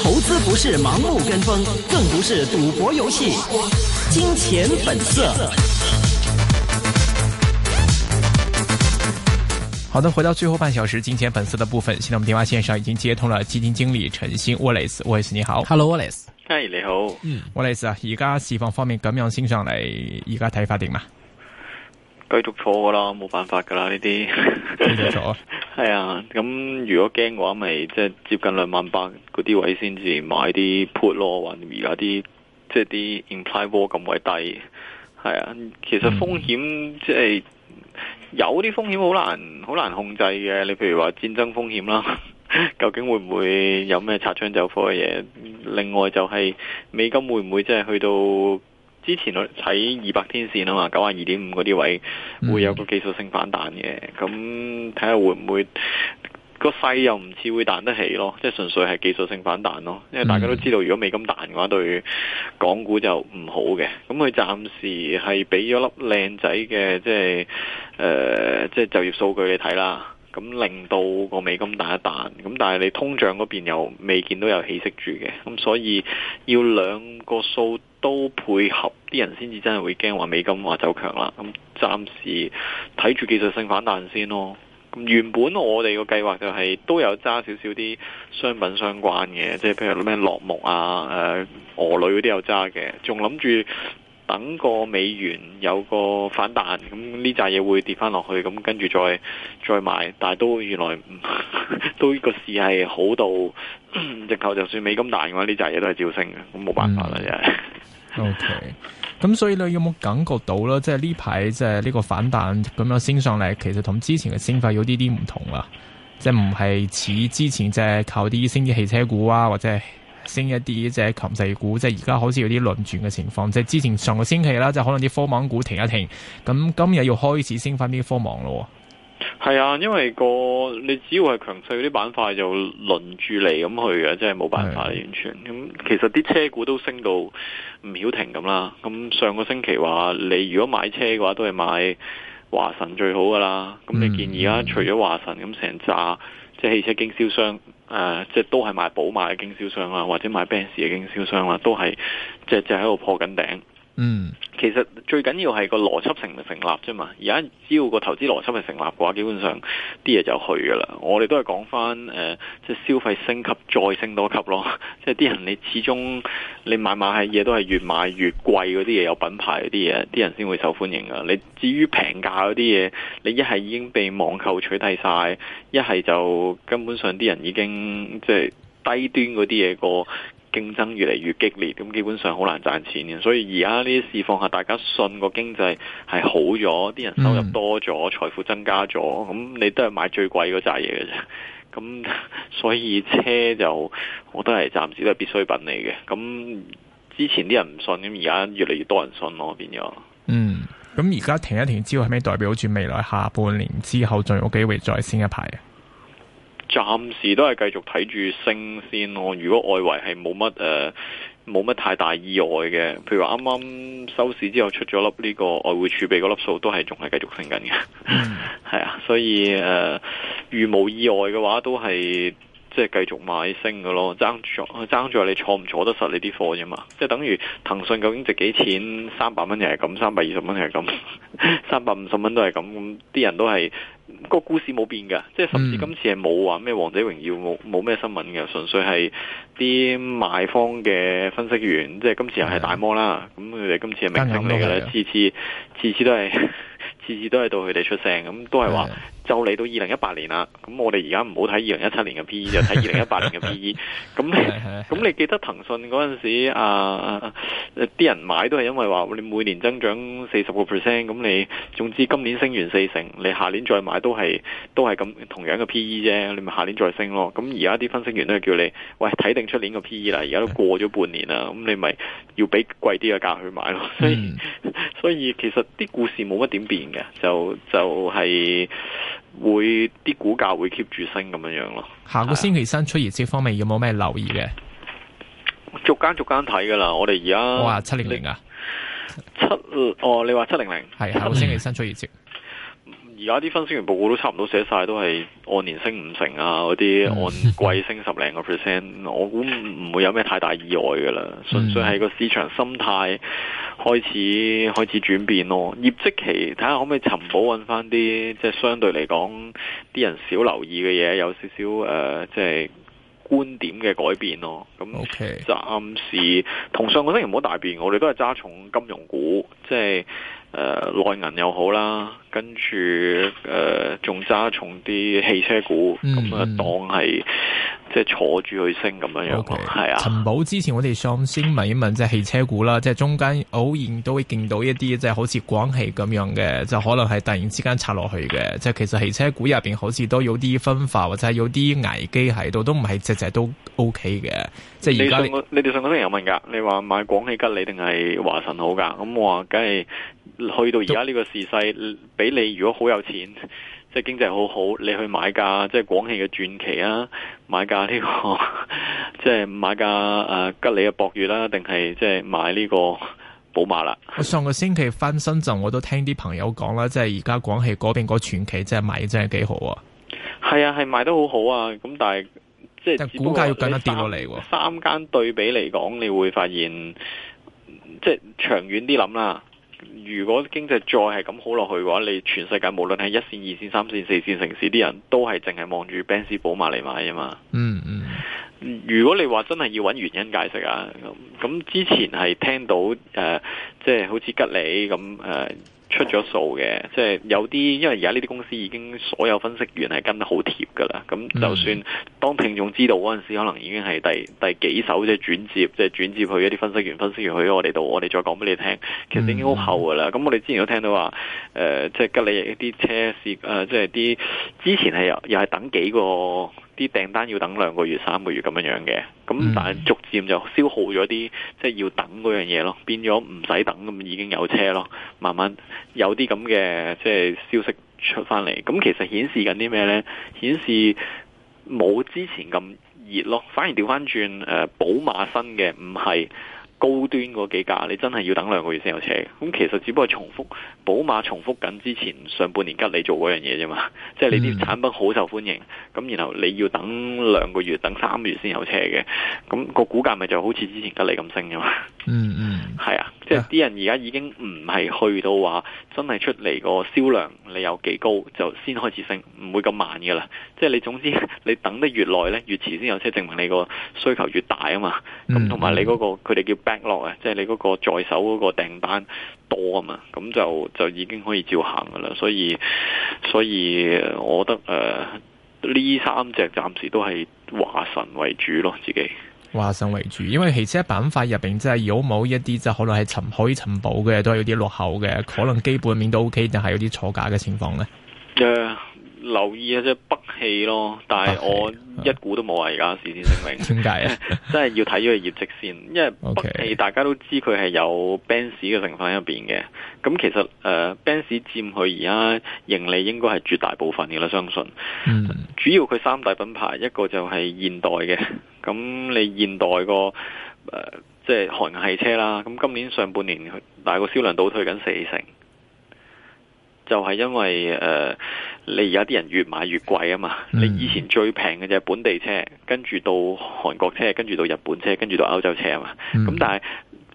投資不是盲目跟風，更不是賭博遊戲。So, 金錢本色。好的，回到最後半小時金錢本色的部分。現在我們電話線上已經接通了基金經理陳昕。Wallace，Wallace 你好，Hello Wallace，嗨你好，嗯，Wallace 啊，而家市況方面咁樣先上嚟，而家睇法定啊？繼續錯噶啦，冇辦法噶啦，呢啲繼續錯。 係啊，咁如果驚嘅話，咪即係接近兩萬八嗰啲位先至買啲 put 咯。話而家啲即係啲 implied 波咁鬼低，係啊。其實風險即係有啲風險好難好難控制嘅。你譬如話戰爭風險啦，究竟會唔會有咩擦槍走火嘅嘢？另外就係美金會唔會即係去到？之前我睇二百天線啊嘛，九十二點五嗰啲位會有個技術性反彈嘅，咁睇下會唔會個勢又唔似會彈得起咯，即係純粹係技術性反彈咯。因為大家都知道，如果美金彈嘅話對港股就唔好嘅。咁佢暫時係俾咗粒靚仔嘅，即係誒、呃、即係就業數據你睇啦。咁令到個美金彈一彈，咁但係你通脹嗰邊又未見到有氣息住嘅，咁所以要兩個數。都配合啲人先至真係會驚話美金話走強啦。咁暫時睇住技術性反彈先咯。咁原本我哋個計劃就係都有揸少少啲商品相關嘅，即係譬如咩落木啊、誒鵝卵嗰啲有揸嘅，仲諗住等個美元有個反彈，咁呢扎嘢會跌翻落去，咁跟住再再買。但係都原來呵呵都個市係好到，直頭就算美金彈嘅話，呢扎嘢都係照升嘅。咁冇辦法啦，真係、嗯。 OK，咁所以你有冇感覺到咧？即係呢排即係呢個反彈咁樣升上嚟，其實同之前嘅升法有啲啲唔同啦。即係唔係似之前即係靠啲升啲汽車股啊，或者係升一啲即係禽細股。即係而家好似有啲輪轉嘅情況。即係之前上個星期啦，即係可能啲科網股停一停，咁今日要開始升翻啲科網咯。係啊，因為個你只要係強勢嗰啲板塊就輪住嚟咁去嘅，真係冇辦法，是的 完全。咁、嗯、其實啲車股都升到唔曉停咁啦。咁上個星期話你如果買車嘅話，都係買華晨最好噶啦。咁你建議啊，除咗華晨咁成紮即係汽車經銷商，誒、呃，即係都係賣寶馬嘅經銷商啊，或者買 b a 奔馳嘅經銷商啊，都係即係即係喺度破緊頂。嗯，其實最緊要係個邏輯成唔成立啫嘛。而家只要個投資邏輯係成立嘅話，基本上啲嘢就去噶啦。我哋都係講翻誒，即、呃、係、就是、消費升級再升多級咯。即係啲人你始終你買買係嘢都係越買越貴嗰啲嘢，有品牌嗰啲嘢，啲人先會受歡迎噶。你至於平價嗰啲嘢，你一係已經被網購取締晒，一係就根本上啲人已經即係、就是、低端嗰啲嘢個。競爭越嚟越激烈，咁基本上好難賺錢嘅。所以而家呢啲市況下，大家信個經濟係好咗，啲人收入多咗，嗯、財富增加咗，咁你都係買最貴嗰扎嘢嘅啫。咁所以車就我都係暫時都係必需品嚟嘅。咁之前啲人唔信，咁而家越嚟越多人信咯，變咗。嗯，咁而家停一停之後，係咪代表住未來下半年之後仲有機會再升一排啊？暫時都係繼續睇住升先咯。如果外圍係冇乜誒，冇、呃、乜太大意外嘅，譬如話啱啱收市之後出咗粒呢個、這個、外匯儲備嗰粒數，都係仲係繼續升緊嘅。係啊、嗯，所以誒、呃，如無意外嘅話都，都係即係繼續買升嘅咯。爭住爭住，你坐唔坐得實你啲貨啫嘛？即係等於騰訊究竟值幾錢？三百蚊又係咁，三百二十蚊又係咁，三百五十蚊都係咁。咁啲人都係。個故事冇變嘅，即係甚至今次係冇話咩《王者榮耀》冇冇咩新聞嘅，純粹係啲賣方嘅分析員，即係今次又係大摩啦，咁佢哋今次係明星嚟嘅，次次次次都係次次都係到佢哋出聲，咁都係話。就嚟到二零一八年啦，咁我哋而家唔好睇二零一七年嘅 P E，就睇二零一八年嘅 P E。咁 你，你記得騰訊嗰陣時、呃，啊，啲人買都係因為話你每年增長四十個 percent，咁你總之今年升完四成，你下年再買都係都係咁同樣嘅 P E 啫，你咪下年再升咯。咁而家啲分析員都係叫你，喂，睇定出年嘅 P E 啦，而家都過咗半年啦，咁你咪要俾貴啲嘅價去買咯。所以所以其實啲故事冇乜點變嘅，就就係、是。.會啲股價會 keep 住升咁樣樣咯。下個星期三出業績方面的有冇咩留意嘅？逐間逐間睇噶啦，我哋而家我話七零零啊，七哦你話七零零係下個星期三出業績。 而家啲分析員報告都差唔多寫晒，都係按年升五成啊，嗰啲按季升十零個 percent，我估唔會有咩太大意外噶啦，純粹係個市場心態開始開始轉變咯。業績期睇下可唔可以尋寶揾翻啲，即係相對嚟講啲人少留意嘅嘢，有少少誒、呃，即係觀點嘅改變咯。咁、嗯、Okay，暫時，同上，個星期唔好大變，我哋都係揸重金融股，即係。誒，內銀又好啦，跟住誒，仲、呃、揸重啲汽車股，咁啊當係。即係坐住去升咁樣樣，係 Okay. 啊。陳寶之前，我哋上先問一問即係、就是、汽車股啦，即、就、係、是、中間偶然都會見到一啲即係好似廣汽咁樣嘅，就可能係突然之間拆落去嘅。即、就、係、是、其實汽車股入邊好似都有啲分化，或者係有啲危機喺度，都唔係隻隻都 OK 嘅。即係而家你哋上嗰啲人有問㗎，你話買廣汽吉利定係華晨好㗎？咁我話梗係去到而家呢個時勢，俾你如果好有錢。即係經濟好好，你去買架即係廣汽嘅傳奇啊，買架呢、這個 即係買架誒吉利嘅博越啦，定係即係買呢個寶馬啦、啊。我上個星期翻深圳，我都聽啲朋友講啦，即係而家廣汽嗰邊個傳奇即係賣，真係幾好啊！係啊，係賣得好好啊！咁但係即係股價要緊一跌落嚟喎。三間對比嚟講，你會發現即係長遠啲諗啦。如果經濟再係咁好落去嘅話，你全世界無論喺一線、二線、三線、四線城市，啲人都係淨係望住 Benz 寶馬，嚟買啊嘛。嗯嗯，嗯如果你話真係要揾原因解釋啊，咁之前係聽到誒，即、呃、係、就是、好似吉利咁誒。出咗數嘅，即係有啲，因為而家呢啲公司已經所有分析員係跟得好貼噶啦，咁就算當聽眾知道嗰陣時，可能已經係第第幾手即係轉接，即係轉接去一啲分析員，分析員去咗我哋度，我哋再講俾你聽，其實已經好厚噶啦。咁我哋之前都聽到話，誒、呃，即係吉利一啲車事，誒、呃，即係啲之前係又又係等幾個。啲訂單要等兩個月、三個月咁樣樣嘅，咁但係逐漸就消耗咗啲，即係要等嗰樣嘢咯，變咗唔使等咁已經有車咯，慢慢有啲咁嘅即係消息出返嚟，咁其實顯示緊啲咩呢？顯示冇之前咁熱咯，反而調翻轉，誒、呃，寶馬新嘅唔係。高端嗰幾架，你真係要等兩個月先有車。咁其實只不過重複寶馬重複緊之前上半年吉利做嗰樣嘢啫嘛。即係你啲產品好受歡迎，咁、嗯、然後你要等兩個月、等三個月先有車嘅。咁、那個股價咪就好似之前吉利咁升嘅嘛、嗯。嗯嗯，係 啊。即係啲人而家已經唔係去到話真係出嚟個銷量你有幾高就先開始升，唔會咁慢嘅啦。即係你總之你等得越耐咧，越遲先有車證明你個需求越大啊嘛。咁同埋你嗰個佢哋叫 backlog 啊，即係你嗰個在手嗰個訂單多啊嘛，咁就就已經可以照行嘅啦。所以所以，我覺得誒呢三隻暫時都係華晨為主咯，自己。話生為主，因為汽車板塊入邊真係有冇一啲真係可能係尋可以尋寶嘅，都係有啲落後嘅，可能基本面都 OK，但係有啲錯價嘅情況咧。誒、呃，留意一、啊、即、呃氣咯，但係我一股都冇啊！而家事先聲明，點解啊？真係要睇咗個業績先，因為北汽大家都知佢係有 Benz 嘅成分喺入邊嘅。咁其實誒、呃、Benz 佔佢而家盈利應該係絕大部分嘅啦，相信。嗯、主要佢三大品牌，一個就係現代嘅。咁你現代個誒，即係韓系車啦。咁今年上半年，佢大個銷量倒退緊四成。就係因為誒、呃，你而家啲人越買越貴啊嘛！你以前最平嘅就係本地車，跟住到韓國車，跟住到日本車，跟住到歐洲車啊嘛！咁但係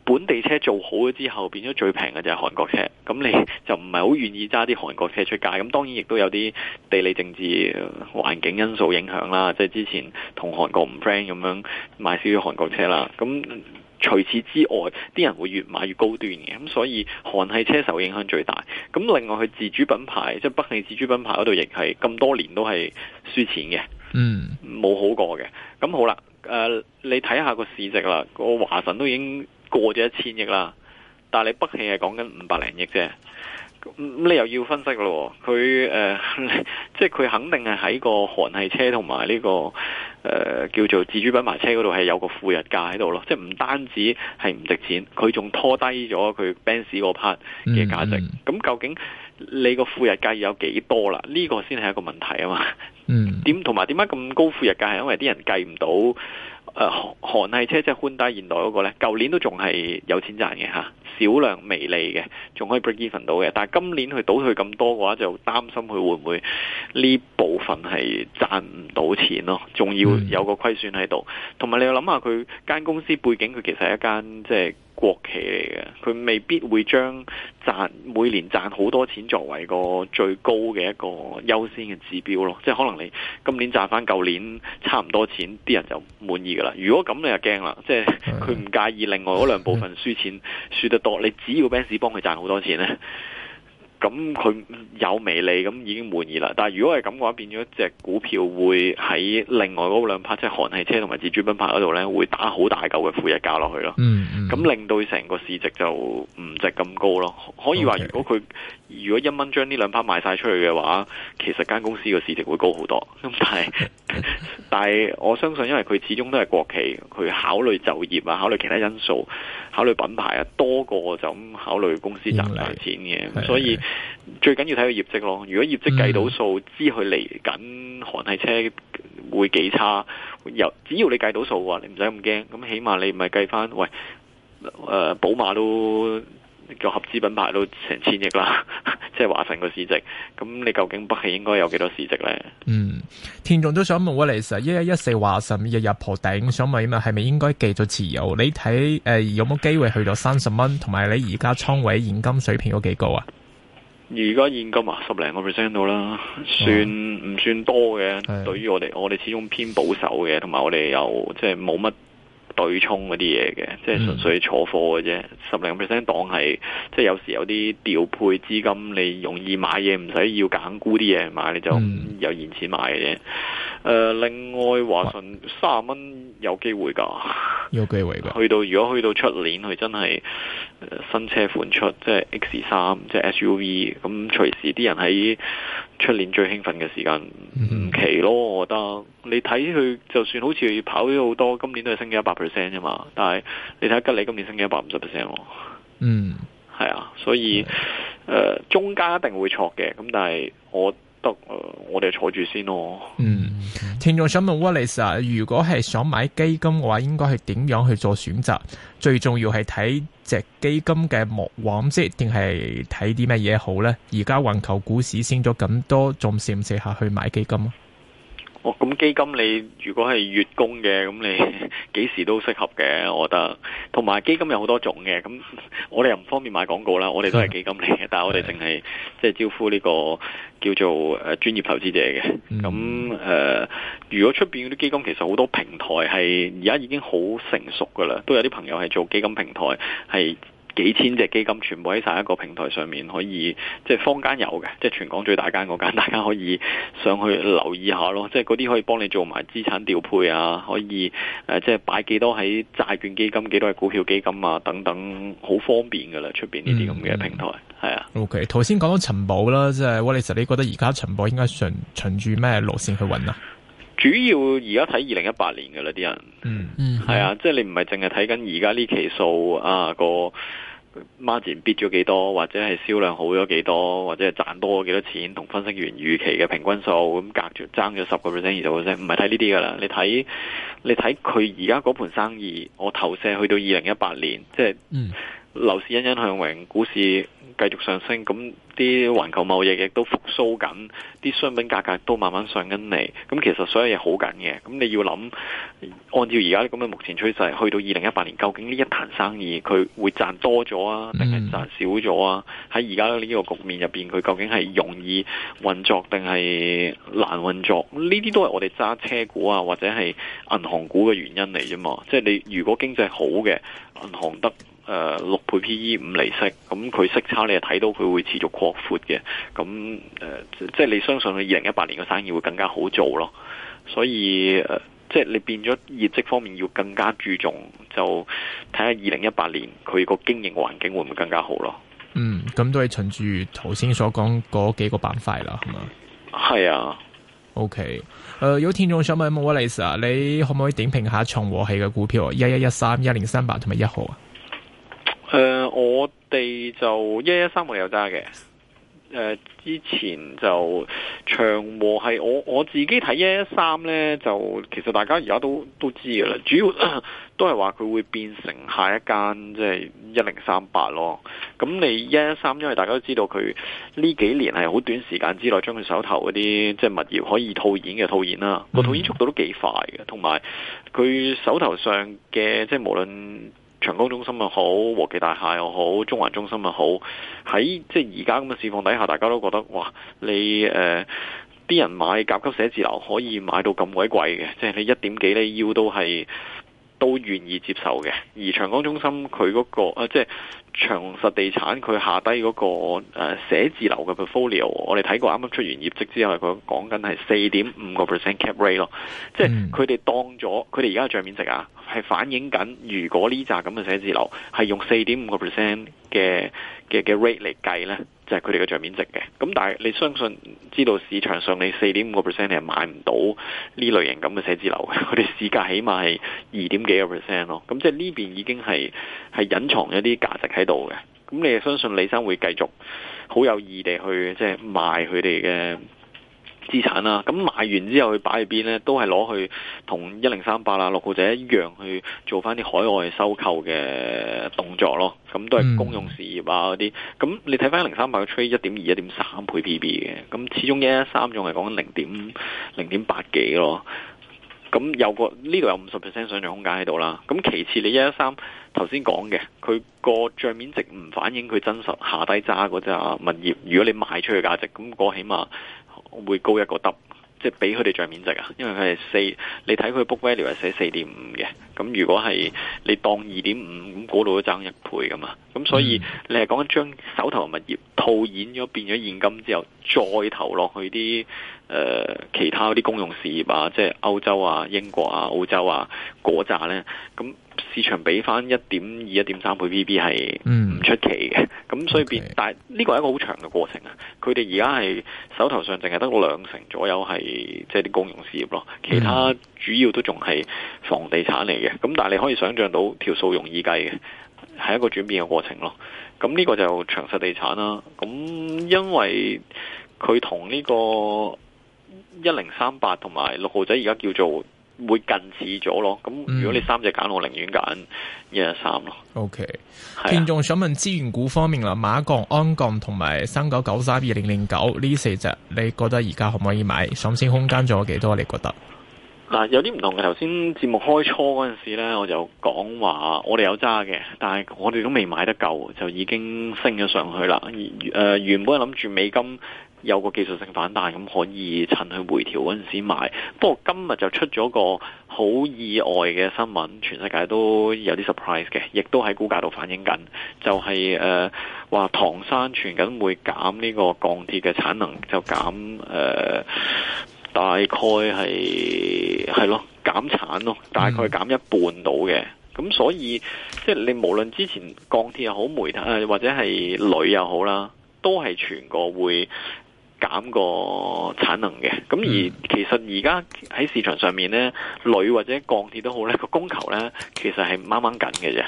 本地車做好咗之後，變咗最平嘅就係韓國車，咁你就唔係好願意揸啲韓國車出街。咁當然亦都有啲地理政治環境因素影響啦，即係之前同韓國唔 friend 咁樣買少少韓國車啦。咁除此之外，啲人會越買越高端嘅，咁所以韓系車受影響最大。咁另外，佢自主品牌，即係北汽自主品牌嗰度，亦係咁多年都係輸錢嘅，嗯，冇好過嘅。咁好啦，誒、呃，你睇下個市值啦，個華晨都已經過咗一千億啦，但係你北汽係講緊五百零億啫。你又要分析咯，佢誒、呃，即係佢肯定係喺、這個韓系車同埋呢個誒叫做自主品牌車嗰度係有個負溢價喺度咯，即係唔單止係唔值錢，佢仲拖低咗佢 Benz 嗰 part 嘅價值。咁、嗯嗯、究竟你個負溢價有幾多啦？呢、這個先係一個問題啊嘛。嗯，點同埋點解咁高負溢價係因為啲人計唔到。誒韓、啊、韓系車即係 Hyundai 現代嗰個咧，舊年都仲係有錢賺嘅嚇，少、啊、量微利嘅，仲可以 break even 到嘅。但係今年佢倒退咁多嘅話，就擔心佢會唔會呢部分係賺唔到錢咯，仲要有個虧損喺度。同埋你要諗下佢間公司背景，佢其實係一間即係。國企嚟嘅，佢未必會將賺每年賺好多錢作為個最高嘅一個優先嘅指標咯。即係可能你今年賺返舊年差唔多錢，啲人就滿意噶啦。如果咁你就驚啦，即係佢唔介意另外嗰兩部分輸錢輸得多，你只要 banks 幫佢賺好多錢呢。咁佢有微利咁已經滿意啦。但係如果係咁嘅話，變咗隻股票會喺另外嗰兩 part，即係韓系車同埋自主品牌嗰度呢，會打好大嚿嘅負一價落去咯、嗯。嗯，咁令到成個市值就唔值咁高咯。可以話，如果佢如果一蚊將呢兩 part 賣晒出去嘅話，其實間公司嘅市值會高好多。咁但係 但係我相信，因為佢始終都係國企，佢考慮就業啊，考慮其他因素，考慮品牌啊，多過就咁考慮公司賺唔賺錢嘅。來所以最緊要睇佢業績咯，如果業績計到數，嗯、知佢嚟緊韓系車會幾差。由只要你計到數嘅話，你唔使咁驚。咁起碼你咪計翻，喂，誒、呃，寶馬都叫個合資品牌都成千億啦， 即係華晨個市值。咁你究竟北汽應該有幾多市值呢？嗯，聽眾都想問阿李 Sir，一一一四華晨日日破頂，想問啊，係咪應該繼續持有？你睇誒、呃、有冇機會去到三十蚊？同埋你而家倉位現金水平有幾高啊？而家現金啊，十零個 percent 到啦，算唔算多嘅？嗯、對於我哋，我哋始終偏保守嘅，同埋我哋又即係冇乜對沖嗰啲嘢嘅，即係純粹坐貨嘅啫，十零 percent 檔係，即係有時有啲調配資金，你容易買嘢唔使要揀沽啲嘢買，你就有現錢買嘅啫。誒、呃，另外華晨卅蚊有機會㗎，有機會㗎。 去到如果去到出年，佢真係新車款出，即係 X 三，即係 SUV，咁隨時啲人喺出年最興奮嘅時間唔奇、嗯、咯，我覺得。你睇佢就算好似跑咗好多，今年都係升咗一百 percent 啫嘛，但係你睇吉利今年升咗一百五十 percent，嗯，係啊，所以誒、嗯、中間一定會錯嘅，咁但係我得誒、呃、我哋坐住先咯。嗯，聽眾想問 Wallace 啊,如果係想買基金嘅話，應該係點樣去做選擇？最重要係睇隻基金嘅莫往績，定係睇啲咩嘢好咧？而家環球股市升咗咁多，仲蝕唔蝕下去買基金啊？哦，咁基金你如果係月供嘅，咁你幾時都適合嘅，我覺得。同埋基金有好多種嘅，咁我哋又唔方便買廣告啦，以我哋都係基金嚟嘅，但係我哋淨係即係招呼呢、這個叫做誒專業投資者嘅。咁誒、嗯呃，如果出邊嗰啲基金其實好多平台係而家已經好成熟噶啦，都有啲朋友係做基金平台係。幾千隻基金全部喺晒一個平台上面，可以，即係坊間有嘅，即係全港最大間嗰間，大家可以上去留意下咯。即係嗰啲可以幫你做埋資產調配啊，可以誒、呃，即係擺幾多喺債券基金，幾多喺股票基金啊，等等，好方便噶啦。出邊呢啲咁嘅平台，係、嗯、啊。OK，頭先講到尋寶啦，即係，我其實你覺得而家尋寶應該循尋住咩路線去搵啊？主要而家睇二零一八年嘅啦，啲人、嗯，嗯嗯，係啊，即係你唔係淨係睇緊而家呢期數啊個 margin beat 咗幾多，或者係銷量好咗幾多，或者係賺多咗幾多錢，同分析員預期嘅平均數咁隔住爭咗十個 percent 二十 percent，唔係睇呢啲噶啦，你睇你睇佢而家嗰盤生意，我投射去到二零一八年，即係。嗯樓市欣欣向榮，股市繼續上升，咁啲環球貿易亦都復甦緊，啲商品價格都慢慢上緊嚟。咁其實所有嘢好緊嘅，咁你要諗，按照而家咁嘅目前趨勢，去到二零一八年，究竟呢一壇生意佢會賺多咗啊，定係賺少咗啊？喺而家呢個局面入邊，佢究竟係容易運作定係難運作？咁呢啲都係我哋揸車股啊，或者係銀行股嘅原因嚟啫嘛。即係你如果經濟好嘅，銀行得。誒，六、uh, 倍 P/E 五厘息，咁、嗯、佢息差，你又睇到佢會持續擴闊嘅。咁、嗯、誒、呃，即係你相信佢二零一八年嘅生意會更加好做咯。所以，呃、即係你變咗業績方面要更加注重，就睇下二零一八年佢個經營環境會唔會更加好咯。嗯，咁都係循住頭先所講嗰幾個板塊啦，係嘛？係啊，OK。誒，有聽眾想問冇位利 Sir 啊，你可唔可以點評下長和系嘅股票啊？一、一、一三、一零三八同埋一號啊？誒、呃，我哋就一一三我哋有揸嘅，誒、呃，之前就長和系我我自己睇一一三咧，就其實大家而家都都知噶啦，主要 都係話佢會變成下一間即係一零三八咯。咁你一一三，因為大家都知道佢呢幾年係好短時間之內將佢手頭嗰啲即係物業可以套現嘅套現啦，個套現速度都幾快嘅，同埋佢手頭上嘅即係無論。長江中心又好，和記大廈又好，中環中心又好，喺即係而家咁嘅市況底下，大家都覺得哇，你誒啲、呃、人買甲級寫字樓可以買到咁鬼貴嘅，即係你一點幾你，要都係。都願意接受嘅，而長江中心佢嗰、那個、呃、即係長實地產佢下低嗰、那個誒、呃、寫字樓嘅 portfolio，我哋睇過啱啱出完業績之後，佢講緊係四點五個 percent cap rate 咯，即係佢哋當咗，佢哋而家嘅帳面值啊，係反映緊如果呢扎咁嘅寫字樓係用四點五個 percent 嘅嘅嘅 rate 嚟計呢。就係佢哋嘅帳面值嘅，咁但係你相信知道市場上你四點五個 percent 你係買唔到呢類型咁嘅寫字樓嘅，佢哋市價起碼係二點幾個 percent 咯，咁、嗯、即係呢邊已經係係隱藏咗啲價值喺度嘅，咁你又相信李生會繼續好有意地去即係、就是、賣佢哋嘅。資產啦、啊，咁賣完之後，佢擺去邊呢？都係攞去同一零三八啦，六號仔一樣去做翻啲海外收購嘅動作咯。咁都係公用事業啊嗰啲。咁、嗯、你睇翻一零三八嘅 trade 一點二一點三倍 P B 嘅。咁始終一一三仲係講緊零點零點八幾咯。咁有個呢度有五十 percent 上漲空間喺度啦。咁其次你3，你一一三頭先講嘅，佢個帳面值唔反映佢真實下低揸嗰隻物業。如果你賣出去價值，咁、嗰個起碼。會高一個得，即係俾佢哋帳面值啊！因為佢係四，你睇佢 book value 係寫四點五嘅，咁如果係你當二點五，咁果老都爭一倍㗎嘛，咁所以你係講緊將手頭物業套現咗變咗現金之後，再投落去啲。誒、呃、其他嗰啲公用事業啊，即係歐洲啊、英國啊、澳洲啊嗰紮呢？咁市場俾翻一點二、一點三倍 PB 係唔出奇嘅。咁、嗯嗯、所以變，Okay. 但係呢個係一個好長嘅過程啊。佢哋而家係手頭上淨係得兩成左右係即係啲公用事業咯，其他主要都仲係房地產嚟嘅。咁但係你可以想象到條數容易計嘅，係一個轉變嘅過程咯。咁、嗯、呢、呢個就長實地產啦。咁、嗯、因為佢同呢個。一零三八同埋六號仔而家叫做會近似咗咯，咁、嗯、如果你三隻揀，我寧願揀一零三咯。O K，聽眾想問資源股方面啦，馬鋼、鞍鋼同埋三九九三二零零九呢四隻，你覺得而家可唔可以買？上升空間仲有幾多？你覺得？嗱，有啲唔同嘅。頭先節目開初嗰陣時呢，我就講話我哋有揸嘅，但係我哋都未買得夠，就已經升咗上去啦。誒、呃呃，原本諗住美金。有個技術性反彈咁，可以趁佢回調嗰陣時買。不過今日就出咗個好意外嘅新聞，全世界都有啲 surprise 嘅，亦都喺股價度反映緊。就係誒話唐山傳緊會減呢個鋼鐵嘅產能，就減誒、呃、大概係係咯減產咯，大概減一半到嘅。咁所以即係你無論之前鋼鐵又好煤啊、呃，或者係鋁又好啦，都係全個會。減個產能嘅，咁而其實而家喺市場上面呢，鋁或者鋼鐵都好呢，個供求呢，其實係掹掹緊嘅啫，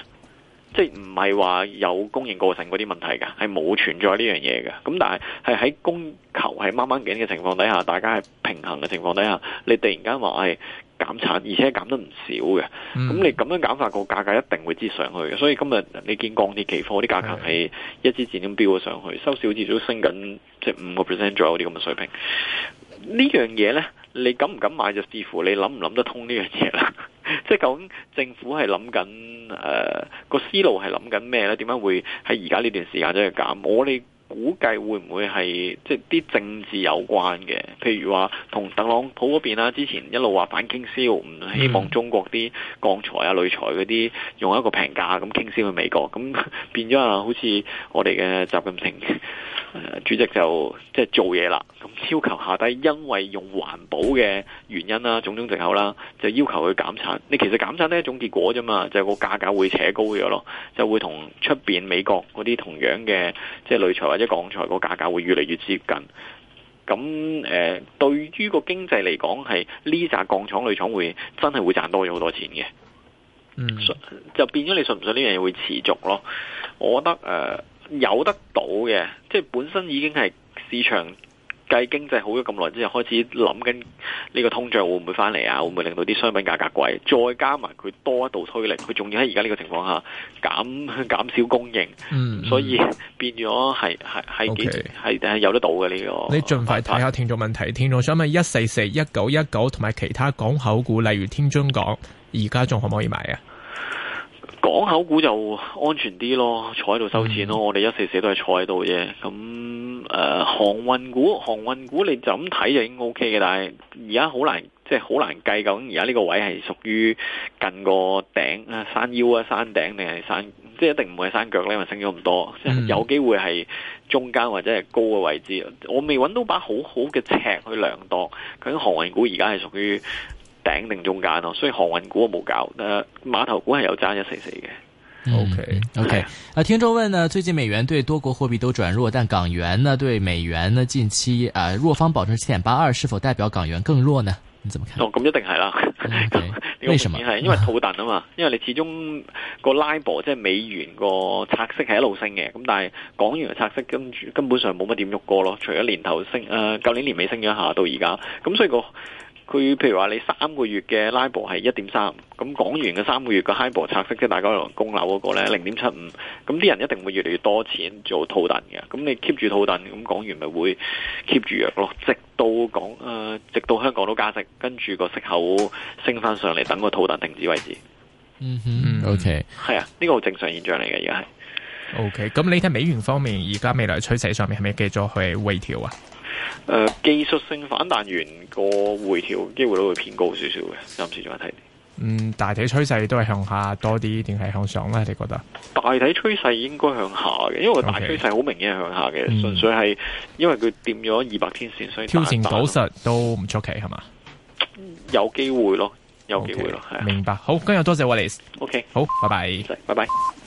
即係唔係話有供應過剩嗰啲問題㗎，係冇存在呢樣嘢嘅。咁但係係喺供求係掹掹緊嘅情況底下，大家係平衡嘅情況底下，你突然間話係。減產，而且減得唔少嘅，咁、嗯、你咁樣減法個價格一定會扯上去嘅。所以今日你見鋼啲期貨啲價格係一支箭咁飆咗上去，收市好似都升緊，即係五個 percent 左右啲咁嘅水平。呢樣嘢咧，你敢唔敢買就視乎你諗唔諗得通呢樣嘢啦。 即係究竟政府係諗緊誒個思路係諗緊咩咧？點解會喺而家呢段時間走去減？我哋。估計會唔會係即係啲政治有關嘅？譬如話同特朗普嗰邊啦，之前一路話反傾銷，唔希望中國啲鋼材啊、鋁材嗰啲用一個平價咁傾銷去美國，咁變咗啊，好似我哋嘅習近平主席就即係做嘢啦，咁要求下低，因為用環保嘅原因啦、種種藉口啦，就要求去減產。你其實減產呢一種結果啫嘛，就個價格會扯高咗咯，就會同出邊美國嗰啲同樣嘅即係鋁材或者。鋼材個價格會越嚟越接近，咁誒、呃，對於個經濟嚟講係呢扎鋼廠、鋁廠會真係會賺多咗好多錢嘅。嗯，就變咗你信唔信呢樣嘢會持續咯？我覺得誒、呃，有得到嘅，即係本身已經係市場。計經濟好咗咁耐之後，開始諗緊呢個通脹會唔會翻嚟啊？會唔會令到啲商品價格貴？再加埋佢多一度推力，佢仲要喺而家呢個情況下減減少供應，嗯、所以變咗係係係幾係係有得到嘅呢、呢個。你盡快睇下聽眾問題，聽眾想問一四四一九一九同埋其他港口股，例如天津港，而家仲可唔可以買啊？港口股就安全啲咯，坐喺度收錢咯。嗯、我哋一四四都係坐喺度啫。咁誒、呃、航運股，航運股你就咁睇就已經 O K 嘅。但係而家好難，即係好難計究竟，而家呢個位係屬於近個頂、山腰啊、山頂定係山，即係一定唔會係山腳咧，因為升咗咁多，嗯、有機會係中間或者係高嘅位置。我未揾到把好好嘅尺去量度。究竟航運股而家係屬於。頂定中間咯，所以航運股我冇搞，誒、呃、碼頭股係有爭一四四嘅。O K O K 啊，聽眾問呢，最近美元對多國貨幣都轉弱，但港元呢對美元呢近期啊弱、呃、方保持七點八二，是否代表港元更弱呢？你怎麼看？咁、哦、一定係啦，okay, 為什麼係？ 因為套戥啊嘛，因為你始終個 LIBOR 即係美元個拆息係一路升嘅，咁但係港元嘅拆息根根本上冇乜點喐過咯，除咗年頭升，誒舊年年尾升咗一下到而家，咁所以、個。佢譬如話你三個月嘅 LIBOR 係一點三，咁港元嘅三個月嘅 HIBOR 拆息即係大家來供樓嗰個咧零點七五，咁啲人一定會越嚟越多錢做套戥嘅，咁你 keep 住套戥，咁港元咪會 keep 住弱咯，直到港誒、呃、直到香港都加息，跟住個息口升翻上嚟，等個套戥停止為止。嗯哼，OK，係啊，呢個好正常現象嚟嘅，而家係。OK，咁你睇美元方面而家未來趨勢上面係咪繼續去微調啊？誒、呃，技術性反彈完個回調機會都會偏高少少嘅，暫時仲有睇。嗯，大體趨勢都係向下多啲，定係向上咧？你覺得？大體趨勢應該向下嘅，因為個大趨勢好明顯係向下嘅，純 Okay. 粹係因為佢掂咗二百天線，嗯、所以挑戰到實都唔出奇係嘛？有機會咯，有機會咯，Okay. 明白。好，今日多謝我哋。O Okay . K，好，拜拜，拜拜。